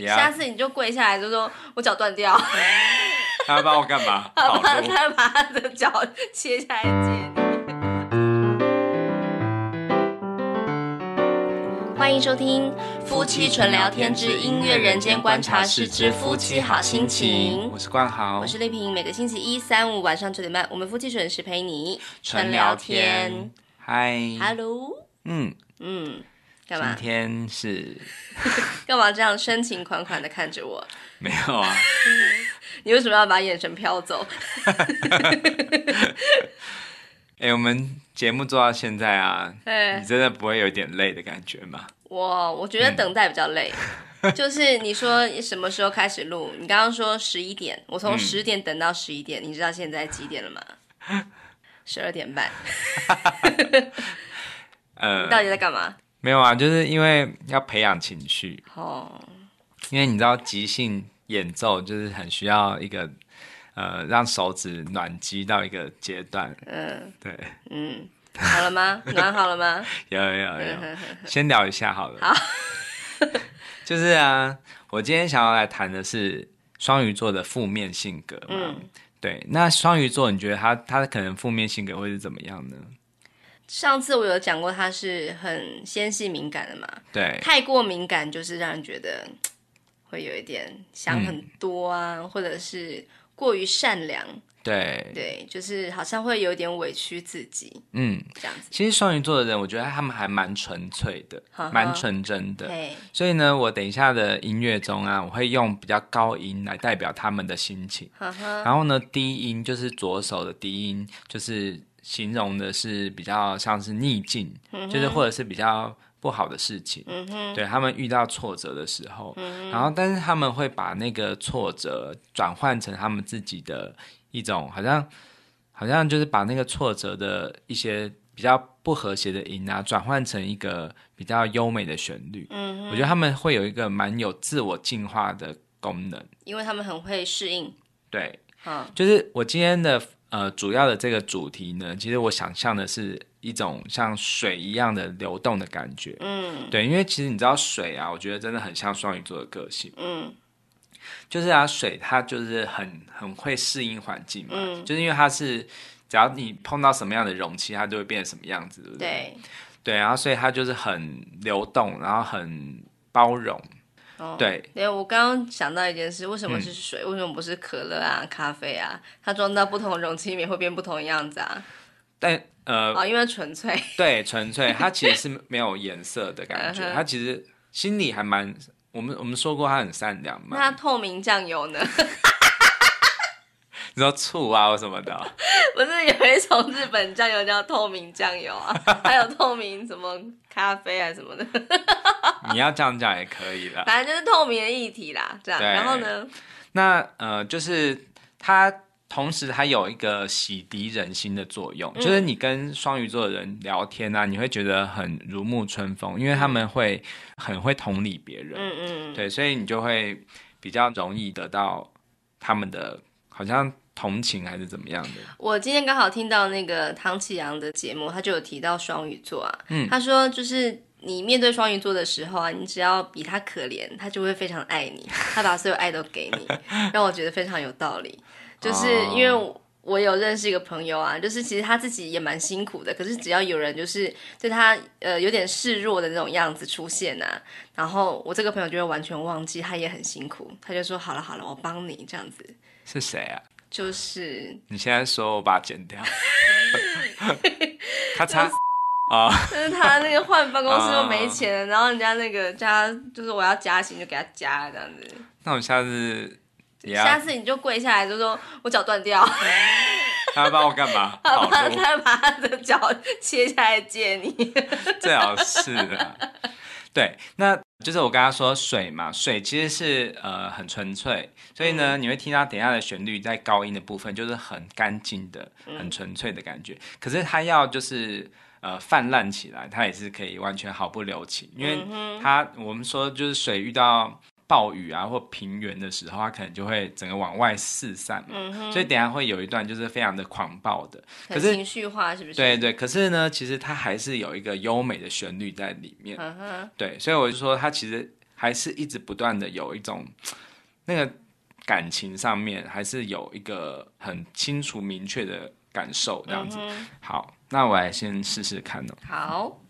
Yeah. 下次你就跪下來，就說我腳斷掉。 他要幫我幹嘛？ 他要把他的腳切下一節。 歡迎收聽《夫妻純聊天之音樂人間觀察室之夫妻好心情》。我是冠豪，我是麗萍。每個星期一、三、五晚上九點半，我們夫妻準時陪你純聊天。嗨，Hello 嗯。嗯嗯。今天是幹 嘛這樣深情款款的看着我？沒有啊， 你為什麼要把眼神飄走？哎、 欸，我們節目做到現在啊，你真的不會有點累的感覺嗎？我我覺得等待比較累，嗯、 就是你說什麼時候開始錄？你剛剛說十一點，我從十點等到十一點，嗯，你知道現在幾點了嗎？十二點半。呃、 嗯，你到底在幹嘛？沒有啊，就是因為要培養情緒。哦，因為你知道，即興演奏就是很需要一個，呃，讓手指暖機到一個階段。嗯、呃，對，嗯，好了嗎？暖 好了嗎？有有有、嗯、呵呵呵，先聊一下好了。好， 就是啊，我今天想要來談的是雙魚座的負面性格嘛。嗯。對，那雙魚座，你覺得他他可能負面性格會是怎麼樣呢？上次我有講過，他是很纖細敏感的嘛。對，太過敏感就是讓人覺得會有一點想很多啊、嗯，或者是過於善良。對，對，就是好像會有點委屈自己。嗯，這樣子。其實雙魚座的人，我覺得他們還蠻純粹的， 蠻純真的。 對，所以呢，我等一下的音樂中啊，我會用比較高音來代表他們的心情。 然後呢，低音就是左手的低音就是。形容的是比較像是逆境，嗯，就是或者是比較不好的事情。嗯，對，他們遇到挫折的時候，嗯，然後，但是他們會把那個挫折轉換成他們自己的一種，好像好像就是把那個挫折的一些比較不和諧的音啊，轉換成一個比較優美的旋律。嗯，我覺得他們會有一個蠻有自我進化的功能，因為他們很會適應。對，嗯，啊，就是我今天的。呃，主要的這個主題呢，其實我想象的是一種像水一樣的流動的感覺。嗯，對，因為其實你知道水啊，我覺得真的很像雙魚座的個性。嗯，就是啊，水它就是很很會適應環境嘛。嗯，就是因為它是只要你碰到什麼樣的容器，它就會變成什麼樣子。對不對？對，然後啊，所以它就是很流動，然後很包容。哦、對，我剛剛想到一件事，為什麼是水？嗯、為什麼不是可樂啊、咖啡啊？它裝到不同容器裡面會變不同樣子啊。但呃，哦，因為純粹。 對，純粹，它其實是沒有顏色的感覺。 它其實心裡還蠻……我們我們說過它很善良嘛。那透明醬油呢？ 你說醋啊，或什麼的， 不是有一種日本醬油叫透明醬油啊？ 還有透明什麼咖啡啊，什麼的。 你要這樣講也可以了，反正就是透明的議題啦，這樣。然後呢？那呃，就是它同時還有一個洗滌人心的作用，嗯、就是你跟雙魚座的人聊天啊，你會覺得很如沐春風、嗯，因為他們會很會同理別人。嗯，嗯嗯。對，所以你就會比較容易得到他們的，好像。同情還是怎麼樣的？我今天剛好聽到那個唐綺陽的節目，他就有提到雙魚座啊。嗯，他說就是你面對雙魚座的時候啊，你只要比他可憐，他就會非常愛你，他把所有愛都給你， 讓我覺得非常有道理。就是因為我，我有認識一個朋友啊，就是其實他自己也蠻辛苦的，可是只要有人就是對他呃有點示弱的那種樣子出現啊，然後我這個朋友就會完全忘記他也很辛苦，他就說好了好了，我幫你這樣子。是誰啊？就是你現在說我把它剪掉，咔嚓啊！就是他那個換辦公室又沒錢、 嗯，然後人家那個家，就是我要加薪就給他加這樣子。那我下次，下次你就跪下來就說我腳斷掉， 他要幫我幹嘛？ 他要把他的腳切下來借你，最好是的。對，那就是我剛剛說水嘛，水其實是呃很純粹，所以呢，嗯、你會聽到等下的旋律在高音的部分就是很乾淨的、很純粹的感覺。嗯、可是它要就是呃氾濫起來，它也是可以完全毫不留情，因為它我們說就是水遇到。暴雨啊，或平原的時候，它可能就會整個往外四散嘛，嗯、所以等下會有一段就是非常的狂暴的，很情緒，可是情緒化，是不是？對，對對，可是呢，其實它還是有一個優美的旋律在裡面呵呵，對，所以我就說它其實還是一直不斷的有一種那個感情上面還是有一個很清楚明確的感受這樣子。嗯、好，那我來先試試看呢。好。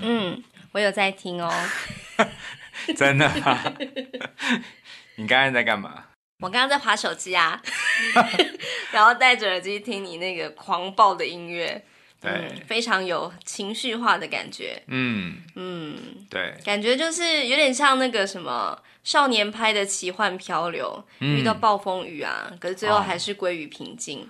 嗯，我有在聽哦。 真的嗎 你剛剛在幹嘛？我剛剛在划手機啊， 然後戴着耳機聽你那個狂暴的音樂，對、嗯，非常有情緒化的感覺。嗯嗯，對，感覺就是有點像那個什麼少年派的《奇幻漂流》，嗯，遇到暴風雨啊，可是最後還是歸於平靜。哦。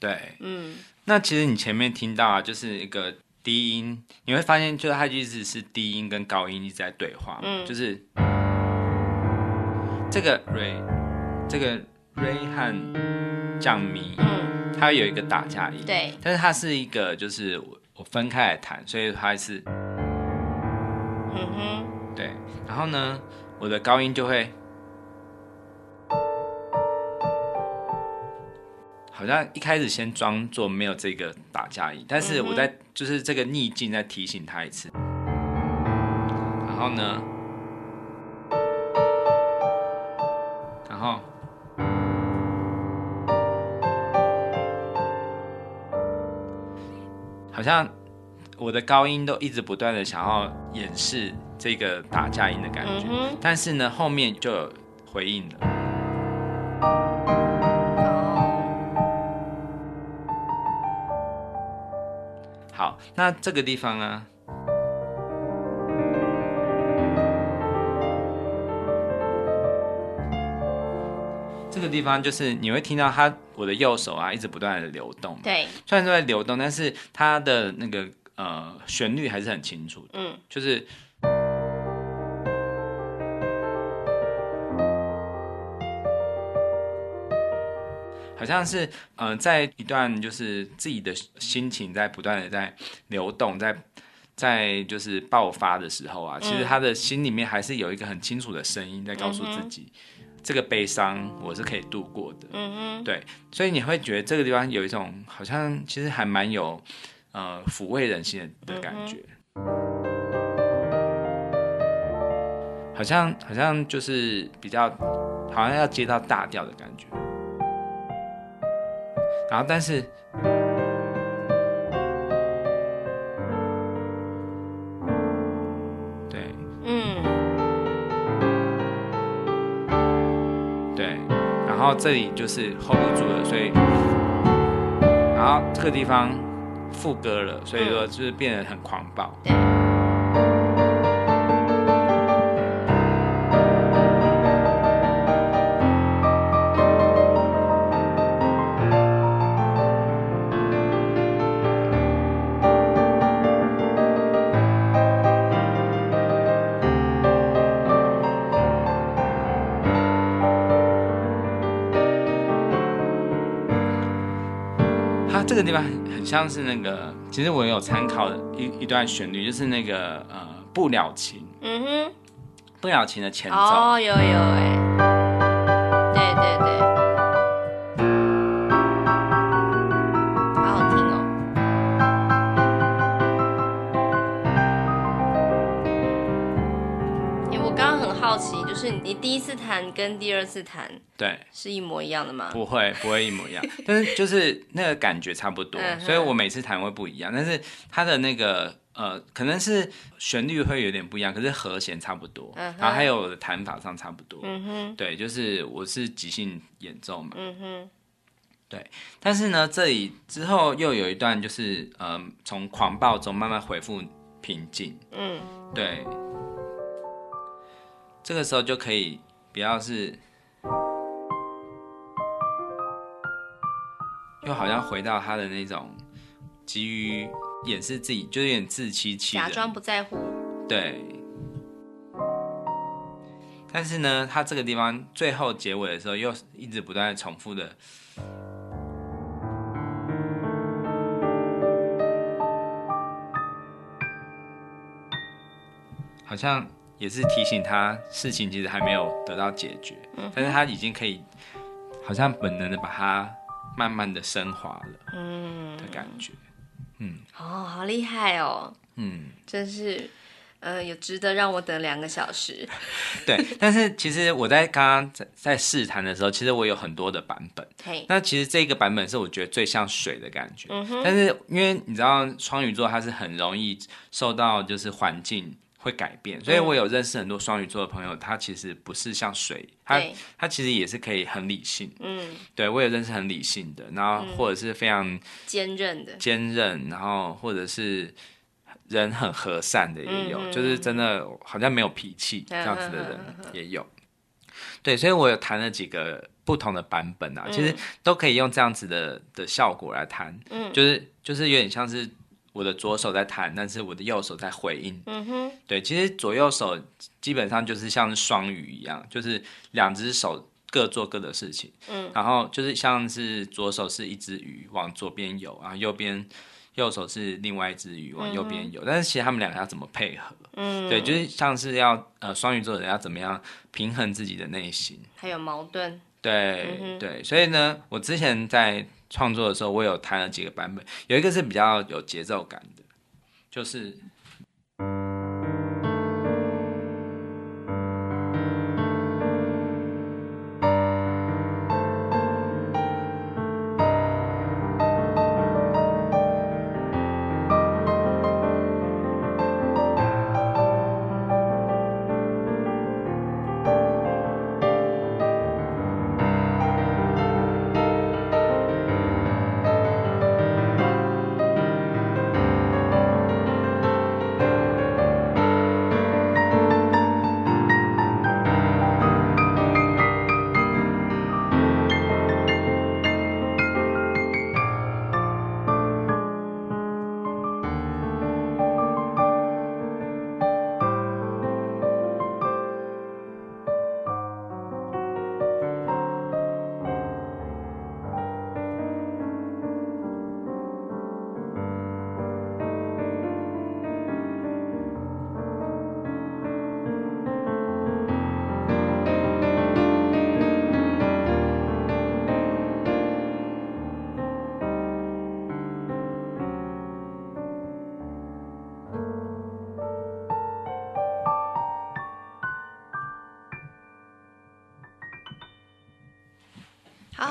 對，嗯，那其實你前面聽到、啊、就是一個。低音你會發現，就是它一直是低音跟高音一直在對話，嗯，就是這個 Re 這個 Re 和降 mi，嗯，它有一個打架音，對，但是它是一個，就是我我分開來彈，所以它是，嗯哼，對，然後呢，我的高音就會。好像一開始先裝作沒有這個打架音，嗯、但是我在就是這個逆境再提醒他一次，然後呢，然後好像我的高音都一直不斷的想要掩飾這個打架音的感覺，嗯、但是呢後面就有回應了。那這個地方啊，這個地方就是你會聽到它，我的右手啊一直不斷的流動，對，雖然說在流動，但是它的那個呃旋律還是很清楚，嗯，就是。像是，嗯、呃，在一段就是自己的心情在不斷的在流動，在在就是爆發的時候啊、嗯，其實他的心裡面還是有一個很清楚的聲音在告訴自己、嗯，這個悲傷我是可以度過的。嗯嗯，對，所以你會覺得這個地方有一種好像其實還蠻有，呃，撫慰人心的感覺。嗯、好像好像就是比較，好像要接到大調的感覺。然後，但是，對，嗯，對，然後這裡就是 hold 不住了，所以，然後這個地方副歌了，所以說就是變得很狂暴，嗯。地方很像是那個，其實我有參考一一段旋律，就是那個呃，不了情，嗯哼，不了情的前奏，哦，有有、欸彈跟第二次彈對是一模一樣的嗎？不會，不會一模一樣，但、 就是就是那個感覺差不多， 所以我每次彈會不一樣，但是它的那個呃，可能是旋律會有點不一樣，可是和絃差不多， 然後還有我的彈法上差不多。嗯哼，對，就是我是即興演奏嘛。嗯哼，對，但是呢，這裡之後又有一段，就是呃，從狂暴中慢慢回復平靜。嗯、uh-huh.，對，這個時候就可以。不要是，又好像回到他的那種急於掩飾自己，就有點自欺欺人，假裝不在乎。對。但是呢，他這個地方最後結尾的時候，又一直不斷重複的，好像。也是提醒他，事情其實還沒有得到解決，嗯、但是他已經可以，好像本能的把它慢慢的升華了，嗯，的感覺，嗯，嗯，哦，好厲害哦，嗯，真是，呃，有值得讓我等兩個小時，對， 但是其實我在剛剛在在試探的時候，其實我有很多的版本嘿，那其實這個版本是我覺得最像水的感覺，嗯、但是因為你知道，雙魚座它是很容易受到就是環境。會改變，所以我有認識很多雙魚座的朋友、嗯，他其實不是像水，他、欸、他其實也是可以很理性，嗯，對我也認識很理性的，然後或者是非常堅、嗯、韌的，堅韌，然後或者是人很和善的也有，嗯、就是真的好像沒有脾氣這樣子的人也有，對，所以我有談了幾個不同的版本啊、嗯，其實都可以用這樣子的的效果來談，嗯，就是就是有點像是。我的左手在彈，但是我的右手在回應。嗯哼，對，其實左右手基本上就是像雙魚一樣，就是兩隻手各做各的事情。嗯，然後就是像是左手是一隻魚往左邊游，啊，右邊右手是另外一隻魚往右邊游，嗯。但是其實他們兩個要怎麼配合？嗯，對，就是像是要呃雙魚座的人要怎麼樣平衡自己的內心，還有矛盾。對，嗯，對，所以呢，我之前在。創作的時候，我有彈了幾個版本，有一個是比較有節奏感的，就是。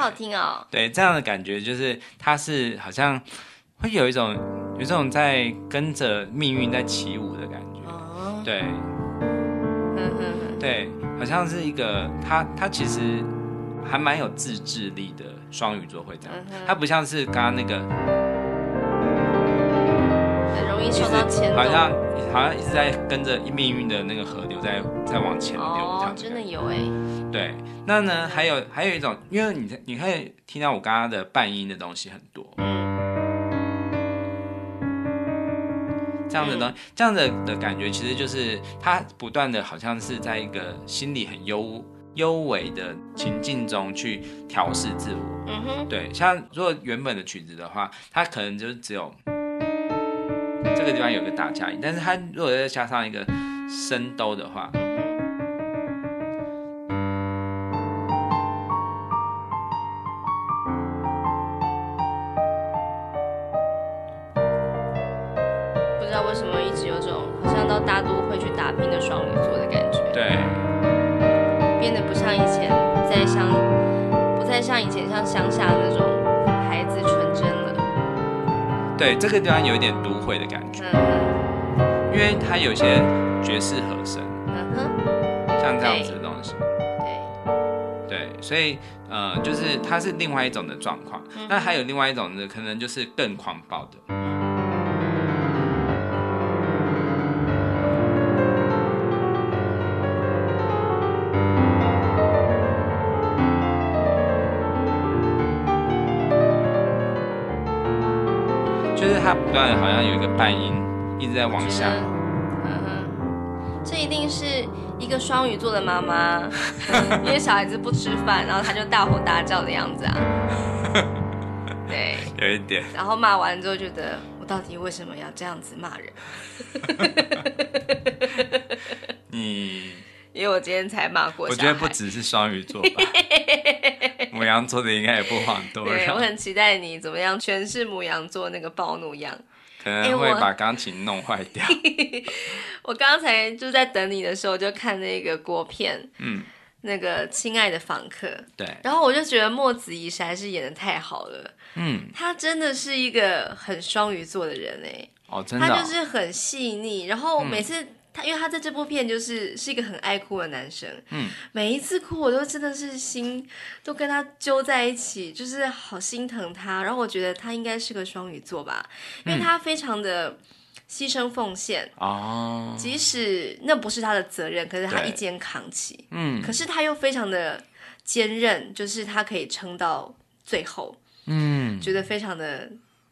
好聽哦，對，這樣的感覺就是，他是好像會有一種有種在跟着命運在起舞的感覺，嗯、對、嗯，對，好像是一個他他其實還蠻有自制力的雙魚座會這樣，他、嗯、不像是剛剛那個。其實好像好像一直在跟着命運的那個河流在在往前流淌、oh，真的有哎。對，那呢還有還有一種，因為你你可以聽到我剛剛的半音的東西很多，這樣的東這樣的的感覺其實就是它不斷的好像是在一個心理很幽幽微的情境中去調適自我。嗯哼。對，像如果原本的曲子的話，它可能就是只有。這個地方有個大架，但是他如果再加上一個升 do 的話，不知道為什麼一直有種好像到大都會去打拼的雙魚座的感覺。對，變得不像以前在像，不再像以前像鄉下那種。對，這個地方有一點都會的感覺、嗯，因為它有些爵士和聲，嗯嗯、像這樣子的東西，嗯嗯、對，所以呃，就是它是另外一種的狀況。那、嗯、還有另外一種呢，可能就是更狂暴的。不斷好像有一個半音一直在往下，嗯，這一定是一個雙魚座的媽媽。嗯，因為小孩子不吃飯，然後他就大吼大叫的樣子啊，對，有一點。然後罵完之後覺得我到底為什麼要這樣子罵人？ 你，因為我今天才罵過。我覺得不只是雙魚座吧。 牡羊座的應該也不很多。對，我很期待你怎麼樣詮釋牡羊座那個暴怒羊，可能會把鋼琴弄壞掉。欸、我剛 才就在等你的時候，就看那個國片，嗯，那個《親愛的房客》。對。然後我就覺得莫子儀實在是演得太好了，嗯，她真的是一個很雙魚座的人哎、欸，哦，真的、哦，她就是很細膩，然後每次、嗯。他，因為他在這部片就是是一個很愛哭的男生，嗯，每一次哭我都真的是心都跟他揪在一起，就是好心疼他。然後我覺得他應該是個雙魚座吧，因為他非常的犧牲奉獻，嗯，即使那不是他的責任，可是他一肩扛起，嗯，可是他又非常的堅韌，就是他可以撐到最後，嗯，覺得非常的。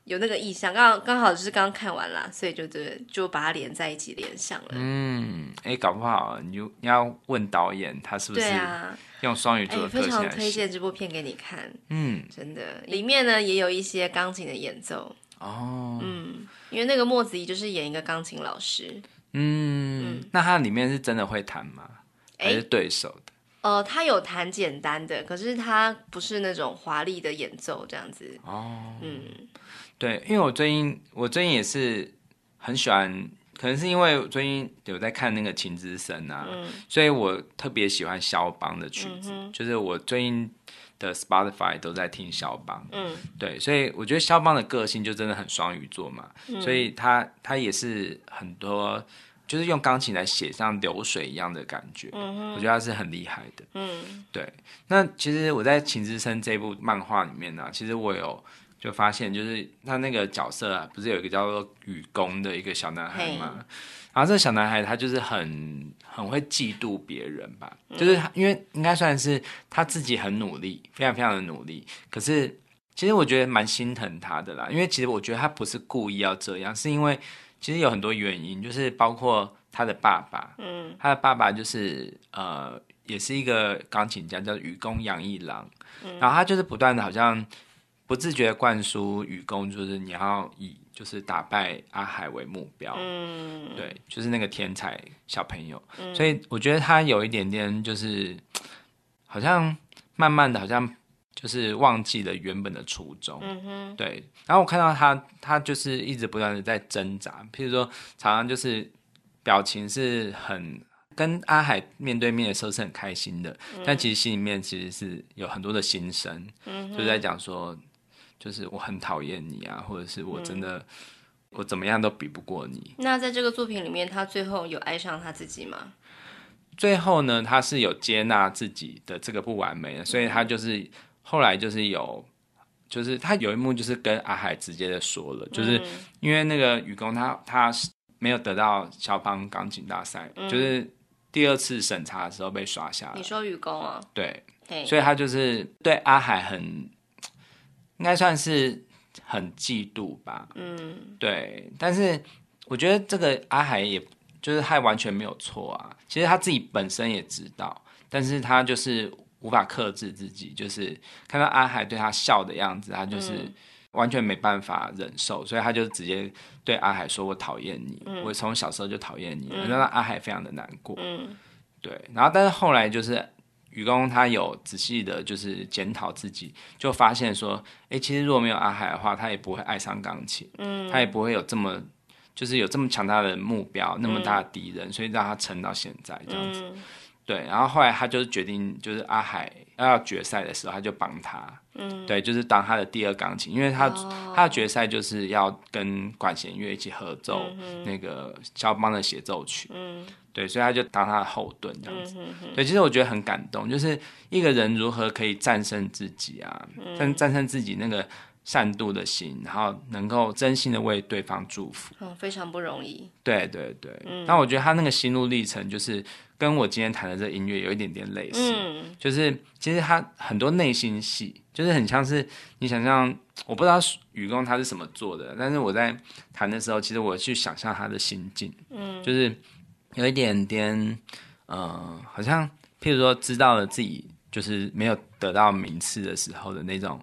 有那個意向，剛剛好，好就是剛看完了，所以就是就把它連在一起連上了。嗯，哎、欸，搞不好你就你要問導演他是不是用雙魚座。哎、欸，非常推薦這部片給你看。嗯，真的，裡面呢也有一些鋼琴的演奏。哦，嗯，因為那個莫子儀就是演一個鋼琴老師嗯。嗯，那他裡面是真的會彈嗎？還是對手的？哦、欸呃，他有彈簡單的，可是他不是那種華麗的演奏這樣子。哦，嗯。對，因為我最近我最近也是很喜歡，可能是因為我最近有在看那個琴之森啊、嗯，所以我特別喜歡肖邦的曲子、嗯，就是我最近的 Spotify 都在聽肖邦。嗯，對，所以我覺得肖邦的個性就真的很雙魚座嘛，嗯、所以他他也是很多就是用鋼琴來寫像流水一樣的感覺，嗯、我覺得他是很厲害的。嗯，對。那其實我在琴之森這部漫畫裡面呢、啊，其實我有。就發現，就是他那個角色啊，不是有一個叫做雨宮的一個小男孩嗎？Hey. 然後這個小男孩他就是很很會嫉妒別人吧，嗯、就是他因為應該算是他自己很努力，非常非常的努力。可是其實我覺得蠻心疼他的啦，因為其實我覺得他不是故意要這樣，是因為其實有很多原因，就是包括他的爸爸，嗯，他的爸爸就是呃，也是一個鋼琴家，叫雨宮洋一郎，然後他就是不斷的好像。不自覺灌輸雨宮，就是你要以就是打敗阿海為目標。嗯，對，就是那個天才小朋友。嗯，所以我覺得他有一點點就是，好像慢慢的，好像就是忘記了原本的初衷，嗯。對。然後我看到他，他就是一直不斷的在掙扎。譬如說，常常就是表情是很跟阿海面對面的時候是很開心的，嗯，但其實心裡面其實是有很多的心聲，嗯，就是在講說。就是我很討厭你啊，或者是我真的，嗯、我怎麼樣都比不過你。那在這個作品裡面，他最後有愛上他自己嗎？最後呢，他是有接納自己的這個不完美的，所以他就是後來就是有，就是他有一幕就是跟阿海直接的說了，就是因為那個雨宮他他沒有得到肖邦鋼琴大賽，嗯，就是第二次審查的時候被刷下來。你說雨宮啊？對對，所以他就是對阿海很。應該算是很嫉妒吧。嗯，對，但是我覺得這個阿海也就是他完全沒有錯啊。其實他自己本身也知道，但是他就是無法克制自己，就是看到阿海對他笑的樣子，他就是完全沒辦法忍受，嗯、所以他就直接對阿海說我討厭、嗯：“我討厭你，我從小時候就討厭你。嗯”讓他阿海非常的難過。嗯，對，然後但是後來就是。雨宮他有仔細的，就是檢討自己，就發現說，哎、欸，其實如果沒有阿海的話，他也不會愛上鋼琴，嗯，他也不會有這麼，就是有這麼強大的目標，那麼大的敵人、嗯，所以讓他撐到現在這樣子、嗯，對。然後後來他就決定，就是阿海，要決賽的時候，他就幫他，嗯，對，就是當他的第二鋼琴，因為他、哦、他的決賽就是要跟管弦樂一起合奏那個肖邦的協奏曲，嗯，對，所以他就當他的後盾這樣子，對、嗯、其實我覺得很感動，就是一個人如何可以戰勝自己啊，戰、戰勝自己那個。善妒的心，然後能夠真心的為對方祝福，嗯，非常不容易。對對對，嗯。那我覺得他那個心路歷程，就是跟我今天彈的這個音樂有一點點類似，嗯，就是其實他很多內心戲，就是很像是你想象，我不知道雨公他是怎麼做的，但是我在彈的時候，其實我去想象他的心境，嗯，就是有一點點，嗯、呃，好像譬如說知道了自己就是沒有得到名次的時候的那種。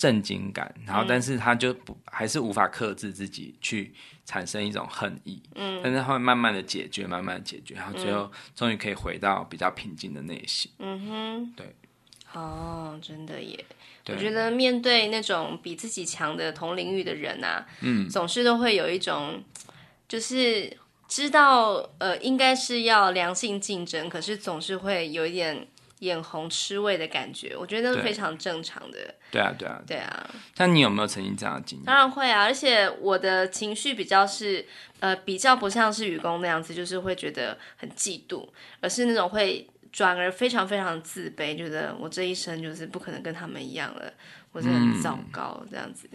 震驚感，然後但是他就不、嗯、還是無法克制自己去產生一種恨意，嗯，但是他會慢慢的解決，慢慢的解決，然後最後終於可以回到比較平靜的內心，嗯哼，對，哦，真的耶，對，我覺得面對那種比自己強的同領域的人啊，嗯，總是都會有一種，就是知道呃應該是要良性競爭，可是總是會有一點。眼紅吃味的感覺，我覺得是非常正常的對。對啊，對啊，對啊。但你有沒有曾經這樣的經歷？當、啊、然會啊，而且我的情緒比較是，呃，比較不像是雨宮那樣子，就是會覺得很嫉妒，而是那種會轉而非常非常自卑，覺得我這一生就是不可能跟他們一樣了，或者很糟糕、嗯、這樣子。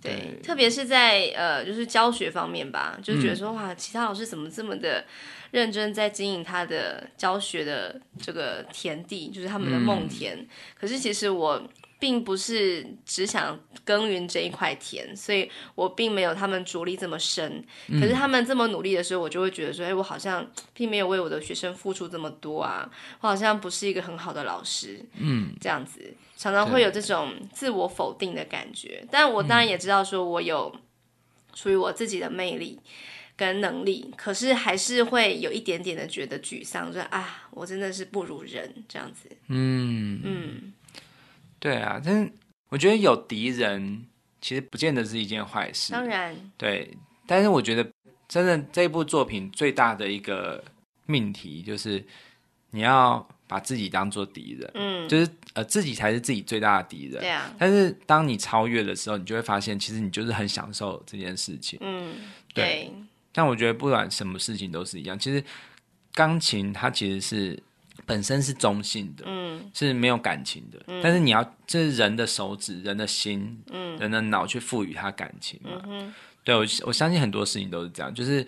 對，對，特別是在呃，就是教學方面吧，就覺得說、嗯、哇，其他老師怎麼這麼的認真，在經營他的教學的這個田地，就是他們的夢田、嗯。可是其實我並不是只想耕耘這一塊田，所以我並沒有他們着力這麼深。可是他們這麼努力的時候，我就會覺得說、嗯，哎，我好像並沒有為我的學生付出這麼多啊，我好像不是一個很好的老師，嗯，這樣子。常常會有這種自我否定的感覺，但我當然也知道，說我有屬於我自己的魅力跟能力、嗯，可是還是會有一點點的覺得沮喪，說、就是、啊，我真的是不如人這樣子。嗯嗯，對啊，但是我覺得有敵人其實不見得是一件壞事，當然對。但是我覺得，真的這部作品最大的一個命題就是你要。把自己當做敵人，嗯，就是呃，自己才是自己最大的敵人。對呀，嗯、但是當你超越的時候，你就會發現，其實你就是很享受這件事情。嗯，對。但我覺得不管什麼事情都是一樣，其實鋼琴它其實是本身是中性的，嗯，是沒有感情的。嗯、但是你要，這是人的手指、人的心、嗯，人的腦去賦予它感情嘛。嗯。對，我我相信很多事情都是這樣，就是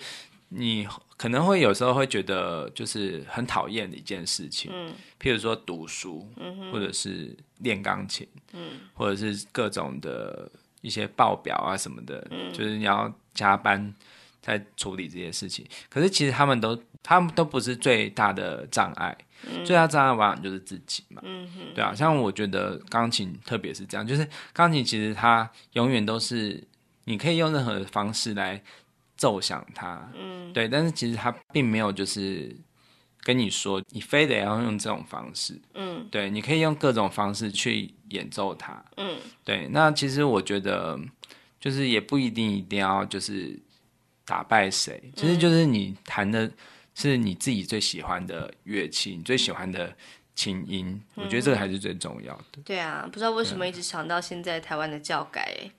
你。可能會有時候會覺得就是很討厭的一件事情、嗯，譬如說讀書，嗯、或者是練鋼琴、嗯，或者是各種的一些報表啊什麼的、嗯，就是你要加班在處理這些事情。可是其實他們都，他們都不是最大的障礙、嗯，最大障礙往往就是自己嘛。嗯，對啊，像我覺得鋼琴特別是這樣，就是鋼琴其實它永遠都是你可以用任何的方式來，奏響它，嗯，對，但是其實他並沒有就是跟你說，你非得要用這種方式，嗯，對，你可以用各種方式去演奏它，嗯，對。那其實我覺得，就是也不一定一定要就是打敗誰，其實、嗯、就是、就是你彈的是你自己最喜歡的樂器，你最喜歡的琴音、嗯，我覺得這個還是最重要的、嗯。對啊，不知道為什麼一直想到現在台灣的教改、欸。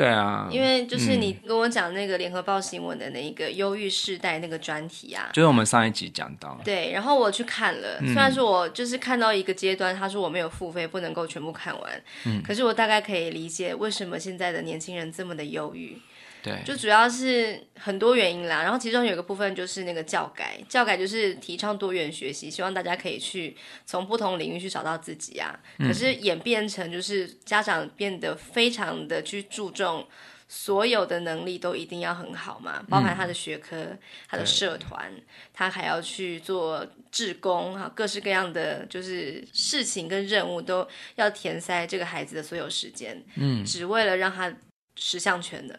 對啊，因為就是你跟我講那個聯合報新聞的那個憂鬱世代那個專題啊，就是我們上一集講到。對，然後我去看了，嗯，雖然說我就是看到一個階段，他說我沒有付費，不能夠全部看完，可是我大概可以理解為什麼現在的年輕人這麼的憂鬱。對，就主要是很多原因啦。然後其中有一個部分就是那個教改，教改就是提倡多元學習，希望大家可以去從不同領域去找到自己啊。嗯、可是演變成就是家長變得非常的去注重所有的能力都一定要很好嘛，包含他的學科、嗯、他的社團，他還要去做志工哈，各式各樣的就是事情跟任務都要填塞這個孩子的所有時間，嗯，只為了讓他十項全能。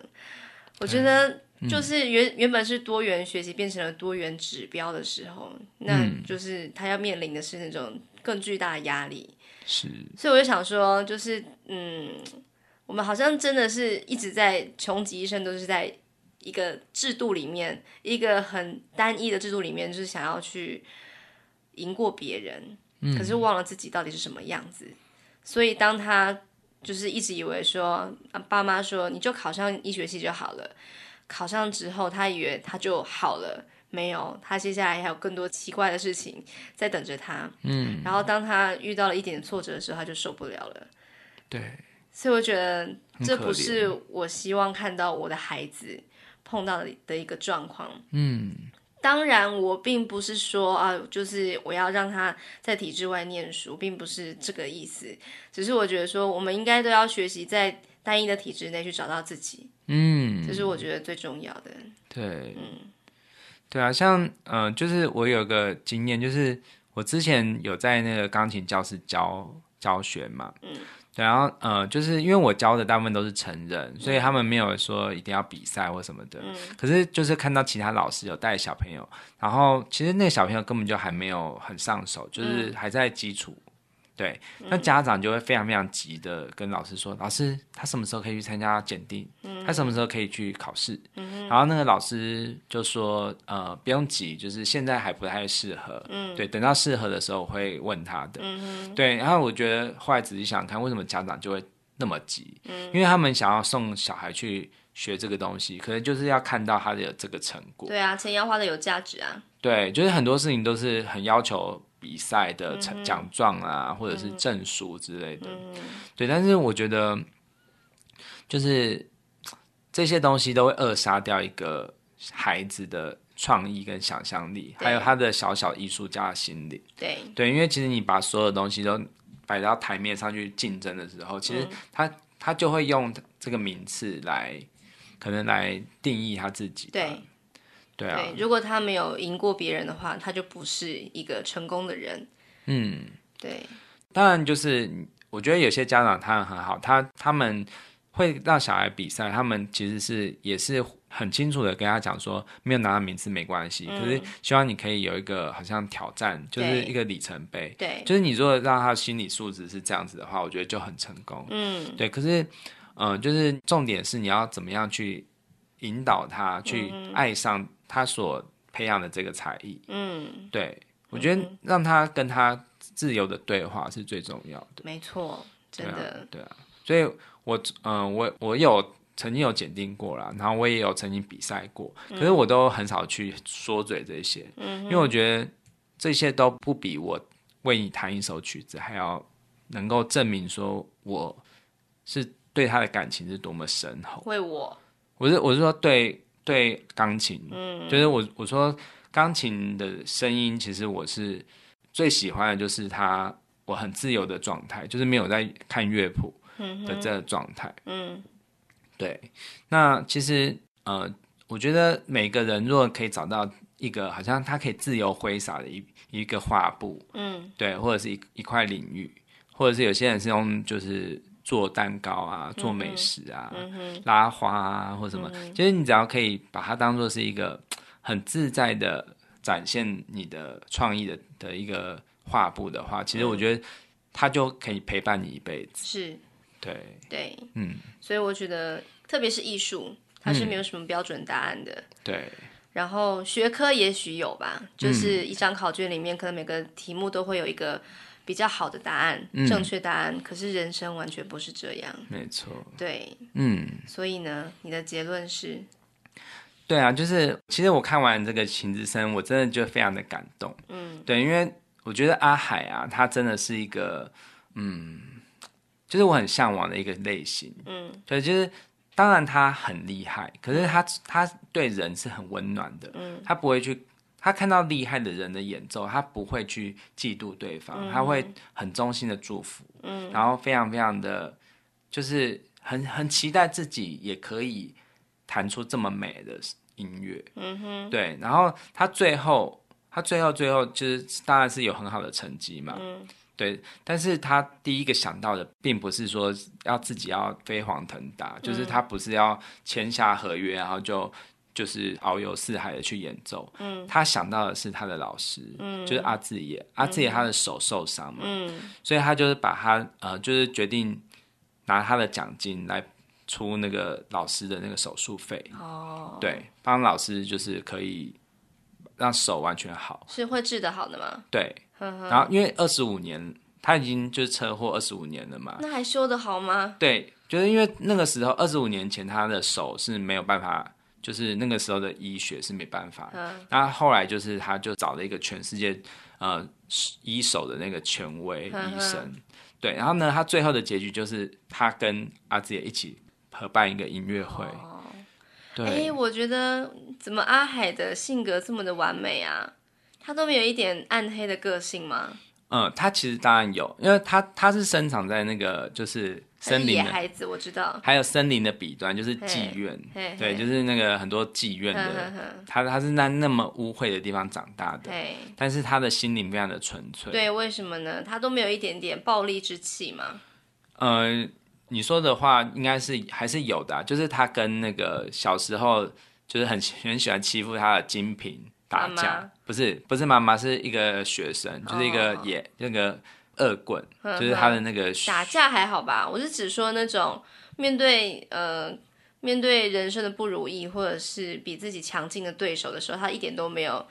我覺得就是原原本是多元學習變成了多元指標的時候，嗯，那就是他要面臨的是那種更巨大的壓力。是，所以我就想說，就是嗯，我們好像真的是一直在窮極一生，都是在一個制度裡面，一個很單一的制度裡面，就是想要去贏過別人，嗯，可是忘了自己到底是什麼樣子。所以當他就是一直以為說，爸媽說你就考上醫學系就好了，考上之後他以為他就好了，沒有，他接下來還有更多奇怪的事情在等着他。嗯。然後當他遇到了一點挫折的時候，他就受不了了。對，所以我覺得這不是我希望看到我的孩子碰到的一個狀況。嗯。當然，我並不是說啊，就是我要讓他在體制外念書，並不是這個意思。只是我覺得說，我們應該都要學習在單一的體制內去找到自己，嗯，這是就是我覺得最重要的。對，嗯，對啊，像嗯、呃，就是我有個經驗，就是我之前有在那個鋼琴教室教教學嘛，嗯。然後，呃，就是因為我教的大部分都是成人，嗯，所以他們沒有說一定要比賽或什麼的。嗯，可是，就是看到其他老師有帶小朋友，然後其實那小朋友根本就還沒有很上手，就是還在基礎。嗯。對，那家長就會非常非常急的跟老師說：“嗯、老師，他什麼時候可以去參加檢定，嗯？他什麼時候可以去考試？”嗯，然後那個老師就說：“呃，不用急，就是現在還不太適合。”嗯，對，等到適合的時候我會問他的。嗯。對，然後我覺得，後來仔細想看，為什麼家長就會那麼急？嗯，因為他們想要送小孩去學這個東西，可能就是要看到他的這個成果。對啊，錢要花的有價值啊。對，就是很多事情都是很要求。比賽的獎狀啊、嗯，或者是證書之類的，嗯、對。但是我覺得，就是這些東西都會扼殺掉一個孩子的創意跟想象力，還有他的小小藝術家的心理。對對，因為其實你把所有東西都擺到台面上去競爭的時候，其實他、嗯、他就會用這個名次來，可能來定義他自己。對。對，啊、對，如果他沒有贏過別人的話，他就不是一個成功的人。嗯，對。當然，就是我覺得有些家長他們很好，他他們會讓小孩比賽，他們其實是也是很清楚的跟他講說，沒有拿到名次沒關係、嗯，可是希望你可以有一個好像挑戰，就是一個里程碑。對，就是你說讓他心理素質是這樣子的話，我覺得就很成功。嗯，對。可是，嗯、呃，就是重點是你要怎麼樣去引導他、嗯、去愛上。他所培養的這個才藝，嗯，對。嗯，我覺得讓他跟他自由的對話是最重要的。沒錯，真的，對啊。所以我、呃，我嗯，我我有曾經有檢定過啦，然後我也有曾經比賽過、嗯，可是我都很少去說嘴這些，嗯，因為我覺得這些都不比我為你彈一首曲子還要能夠證明說我是對他的感情是多麼深厚。為我，我是我是說，對。對鋼琴，嗯，就是我我說鋼琴的聲音，其實我是最喜歡的就是它，我很自由的狀態，就是沒有在看樂譜的這個狀態，嗯，嗯，對。那其實呃，我覺得每個人如果可以找到一個好像他可以自由揮灑的一一個畫布，嗯，對，或者是一一塊領域，或者是有些人是用就是。做蛋糕啊，做美食啊，嗯哼、嗯哼，拉花啊，或什麼、嗯哼，其實你只要可以把它當做是一個很自在的展現你的創意的的一個畫布的話、嗯，其實我覺得它就可以陪伴你一輩子。是，對，對，嗯。所以我覺得，特別是藝術，它是沒有什麼標準答案的。嗯、對。然後學科也許有吧，就是一張考卷裡面，可能每個題目都會有一個。比較好的答案，嗯、正確答案，可是人生完全不是這樣。沒錯，對，嗯，所以呢，你的結論是，對啊，就是其實我看完這個琴之森，我真的就非常的感動，嗯，對，因為我覺得阿海啊，他真的是一個，嗯，就是我很嚮往的一個類型，嗯，對，就是當然他很厲害，可是他他對人是很溫暖的，嗯，他不會去。他看到厲害的人的演奏，他不會去嫉妒對方，嗯、他會很衷心的祝福、嗯，然後非常非常的，就是很很期待自己也可以彈出這麼美的音樂。嗯哼，對。然後他最後，他最後最後就是，當然是有很好的成績嘛。嗯，對。但是他第一個想到的，並不是說要自己要飛黃騰達、嗯，就是他不是要簽下合約，然後就。就是遨遊四海的去演奏，嗯，他想到的是他的老師，嗯，就是阿志也，嗯、阿志也他的手受傷了。嗯，所以他就是把他呃，就是決定拿他的獎金來出那個老師的那個手術費，哦，對，幫老師就是可以讓手完全好，是會治得好的嗎？對，呵呵，然後因為二十五年他已經就是車禍二十五年了嘛，那還修得好嗎？對，就是因為那個時候二十五年前他的手是沒有辦法。就是那個時候的醫學是沒辦法的，那後，後來就是他就找了一個全世界呃一手的那個權威醫生呵呵，對，然後呢，他最後的結局就是他跟阿姊也一起合辦一個音樂會。哦、對、欸，我覺得怎麼阿海的性格這麼的完美啊？他都沒有一點暗黑的個性嗎？嗯，他其實當然有，因為他他是生長在那個就是。森林的孩子，孩子我知道，還有森林的彼端就是妓院，嘿嘿，對，就是那個很多妓院的呵呵呵，他他是在那麼污穢的地方長大的，對，但是他的心靈非常的純粹，對，為什麼呢？他都沒有一點點暴力之氣嗎？呃，你說的話應該是還是有的，啊，就是他跟那個小時候就是很很喜歡欺負他的精品打架，不是不是媽媽是一個學生，就是一個也，哦哦，那個。惡棍就是他的那個呵呵，打架還好吧？我是指說那種面對呃面對人生的不如意，或者是比自己強勁的對手的時候，他一點都沒有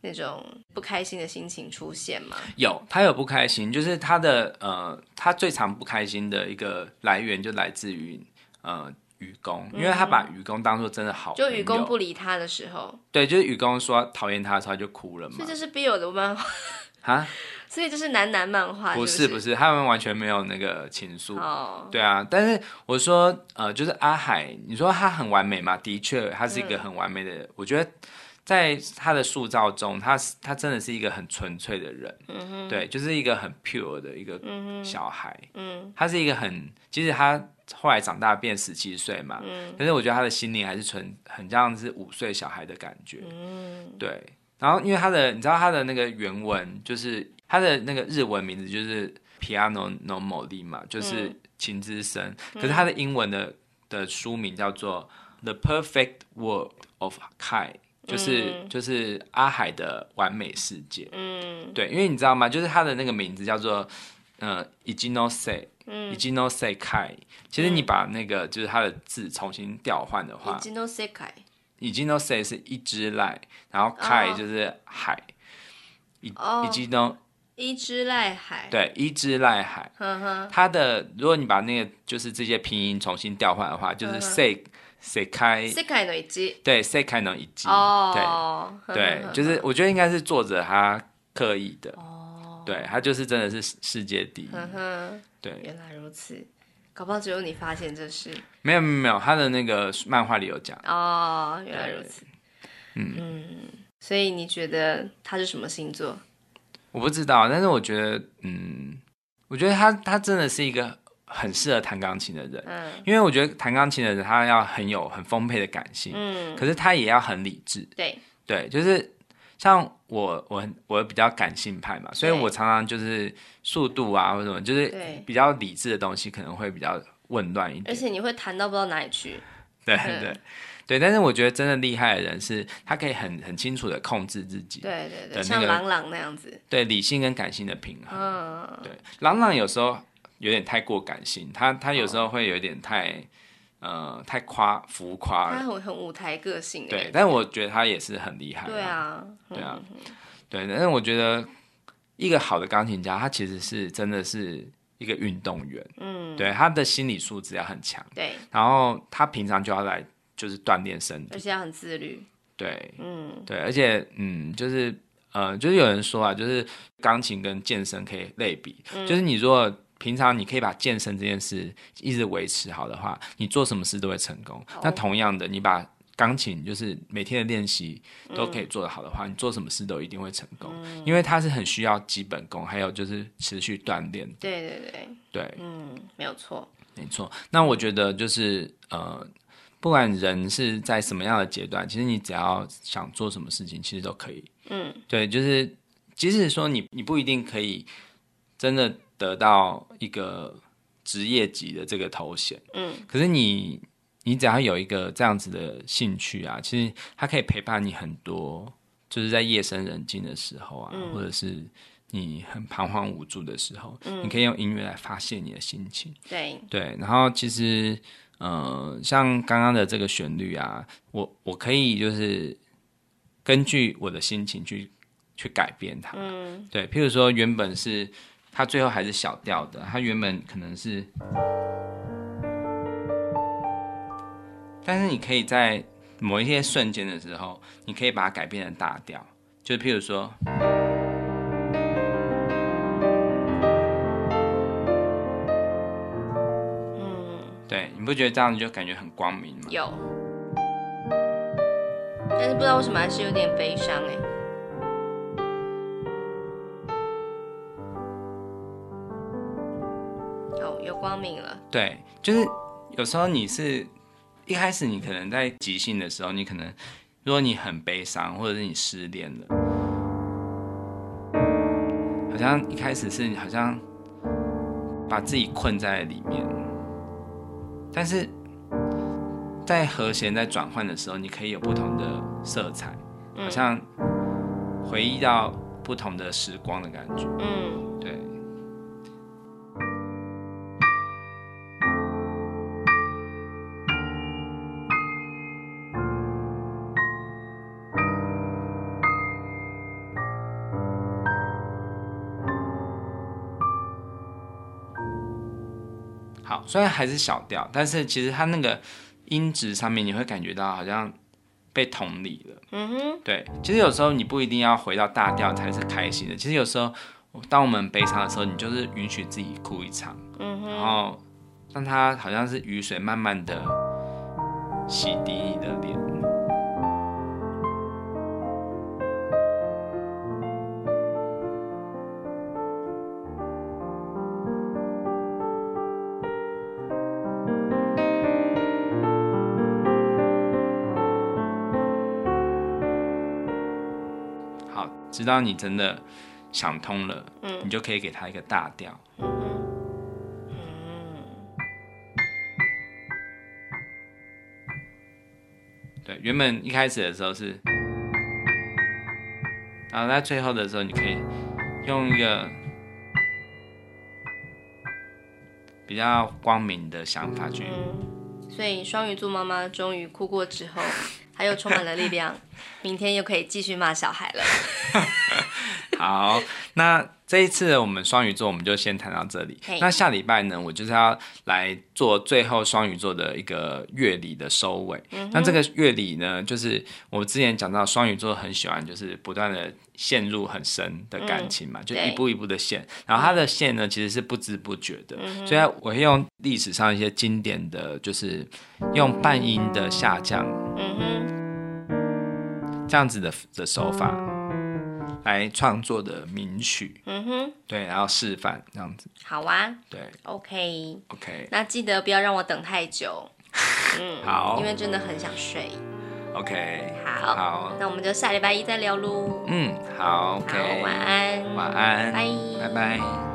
那種不開心的心情出現嘛。有，他有不開心，就是他的呃，他最常不開心的一個來源就來自於呃雨宮，因為他把雨宮當做真的好、嗯，就雨宮不理他的時候，對，就是雨宮說討厭他的時候，他就哭了嘛。所以這是必有的嗎？啊，所以就是男男漫畫，不是不是，他們完全沒有那個情愫。哦、oh.，對啊，但是我說，呃，就是阿海，你說他很完美嘛？的確，他是一個很完美的、嗯。我覺得在他的塑造中，他他真的是一個很純粹的人。嗯對，就是一個很 pure 的一個小孩。嗯，嗯，他是一個很，即使他後來長大變十七歲嘛。嗯，但是我覺得他的心靈還是純，很像是五歲小孩的感覺。嗯，對。然後，因為他的，你知道他的那個原文就是他的那個日文名字就是 Piano no Mori 嘛、嗯，就是琴之森、嗯。可是他的英文的的書名叫做 The Perfect World of Kai，就是、嗯、就是阿海的完美世界。嗯，對，因為你知道嗎？就是他的那個名字叫做、呃、嗯，Ichinose Ichinose Kai。其實你把那個就是他的字重新調換的話，Ichinose Kai。伊 s a y 是一之瀨，然後開就是海，以及呢，一之瀨海，對，一之瀨海呵呵。它的，如果你把那個就是這些拼音重新調換的話，就是 seek，seek a 塞塞開塞開的一，對，s 塞開的一。對，哦、對呵呵呵呵呵呵，就是我覺得應該是作者他刻意的。哦，對，他就是真的是世界第一。呵呵對，原來如此。搞不好只有你發現這事。沒有沒有，他的那個漫畫裡有講。哦，原來如此。嗯嗯，所以你覺得他是什麼星座？我不知道，但是我覺得，嗯，我覺得他他真的是一個很適合彈鋼琴的人。嗯，因為我覺得彈鋼琴的人他要很有很豐沛的感性，嗯，可是他也要很理智。對對，就是像。我我我比較感性派嘛，所以我常常就是速度啊或者什麼，就是比較理智的東西可能會比較混亂一點。而且你會彈到不知道哪裡去。對對、嗯、對，但是我覺得真的厲害的人是他可以很很清楚的控制自己。對對對、對、那個，像朗朗那樣子。對，理性跟感性的平衡。嗯、對，朗朗有時候有點太過感性，他他有時候會有點太。哦嗯、呃，太誇浮誇了，他很很舞台個性。對，但我覺得他也是很厲害、啊。對啊，對啊、嗯，對。但是我覺得一個好的鋼琴家，他其實是真的是一個運動員。嗯，對，他的心理素質要很強。對，然後他平常就要來就是鍛煉身體，而且要很自律。對，嗯，對，而且嗯，就是呃，就是有人說啊，就是鋼琴跟健身可以類比，嗯、就是你如果。平常你可以把健身這件事一直維持好的話，你做什麼事都會成功。Oh. 那同樣的，你把鋼琴就是每天的練習都可以做得好的話、嗯，你做什麼事都一定會成功、嗯，因為它是很需要基本功，還有就是持續鍛鍊。對對對，對，嗯，沒有錯，沒錯。那我覺得就是呃，不管人是在什麼樣的階段，其實你只要想做什麼事情，其實都可以。嗯，對，就是即使說你你不一定可以真的。得到一個職業級的這個頭銜，嗯，可是你，你只要有一個這樣子的興趣啊，其實它可以陪伴你很多，就是在夜深人靜的時候啊，嗯，或者是你很彷徨無助的時候，嗯，你可以用音樂來發洩你的心情，對，對。然後其實，呃，像剛剛的這個旋律啊，我我可以就是根據我的心情去去改變它，嗯，對。譬如說，原本是。它最後還是小調的，它原本可能是，但是你可以在某一些瞬間的時候，你可以把它改變成大調，就譬如說，嗯，對，你不覺得這樣就感覺很光明嗎？有，但是不知道為什麼還是有點悲傷哎、欸。有光明了。對，就是有時候你是一開始，你可能在即興的時候，你可能如果你很悲傷，或者是你失戀了，好像一開始是你好像把自己困在裡面，但是在和絃在轉換的時候，你可以有不同的色彩，好像回憶到不同的時光的感覺。嗯。嗯。雖然還是小調，但是其實它那個音質上面，你會感覺到好像被同理了。嗯哼，對，其實有時候你不一定要回到大調才是開心的。其實有時候，當我們悲傷的時候，你就是允許自己哭一場。嗯，然後讓它好像是雨水慢慢的洗滌你的臉。當你真的想通了，嗯，你就可以給他一個大調，嗯嗯。對，原本一開始的時候是，然後在最後的時候，你可以用一個比較光明的想法去。所以雙魚座媽媽終於哭過之後。 還有充滿了力量，明天又可以繼續罵小孩了。 好，那。這一次我們雙魚座我們就先談到這裡。Hey. 那下禮拜呢，我就是要來做最後雙魚座的一個樂理的收尾。Mm -hmm. 那這個樂理呢，就是我之前講到雙魚座很喜歡，就是不斷的陷入很深的感情嘛，mm -hmm. 就一步一步的陷。Mm -hmm. 然後它的陷呢，其實是不知不覺的。Mm -hmm. 所以我會用歷史上一些經典的就是用半音的下降，嗯哼，這樣子的的手法，來創作的名曲，嗯哼，對，然後示範這樣子，好啊，對，OK，OK，okay. okay. 那記得不要讓我等太久， 嗯，好，因為真的很想睡 ，OK，好，好，那我們就下禮拜一再聊咯。嗯，好，OK，好，晚安，晚安，拜拜。